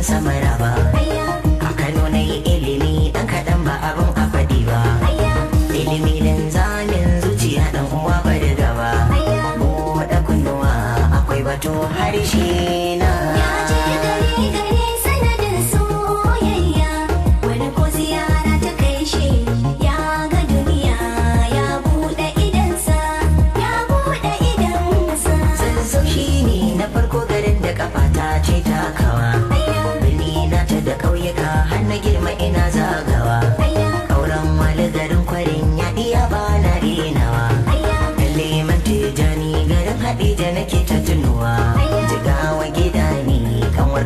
cikin samara ba a kano na yi ilimi dan kaɗan ba abin a faɗi ba ilimi linzamin zamin zuciya dan uwa ba da gaba buɗe kunnuwa akwai bato harshe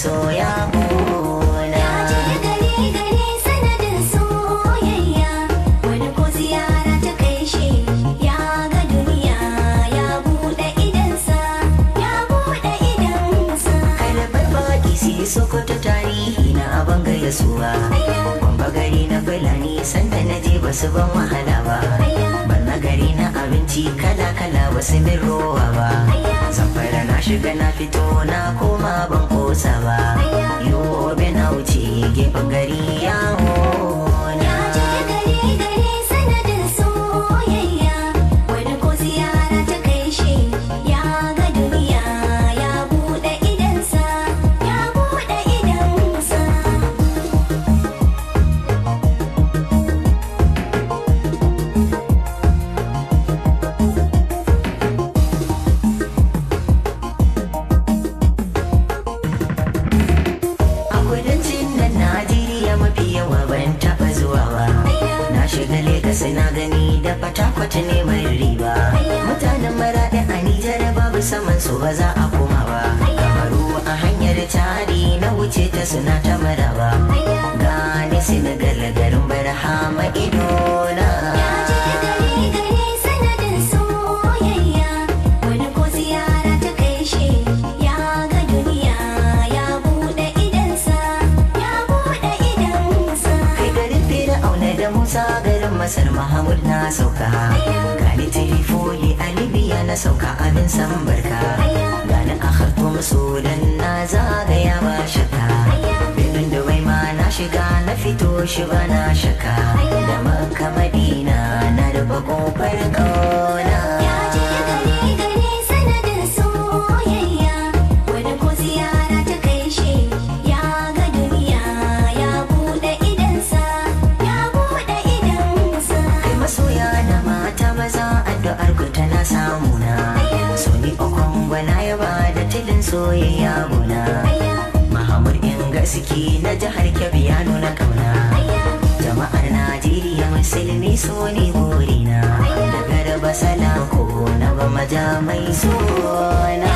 soya na je gare gare sanadin soyayya wani ko ziyara ta kai shi ya ga duniya ya bude idansa ya bude idansa kalbar baki si sokoto tarihi na a gaya suwa kwamba gari na fulani sanda na je basu ban wahala ba banna gari na abinci kala kala basu min rowa ba saboda na shiga na fito na koma ba ke bagari yawo suna gani da fatakwata ne mai riba mutanen maraɗin a nijar babu saman su ba za a koma ba kamaru a hanyar tari na wuce ta suna ta mara masar mahamud na sauka gani telefoni a libya na sauka abin san barka gani a khartoum sudan na zagaya ba shakka birnin dubai ma na shiga na fito shi ba na shakka ayaba da tilin soyayya muna Mahamud in gaski na jihar Kebbi ya nuna kauna Jama'ar Najeriya musulmi so ne burina Daga da basala ko na ba mai so na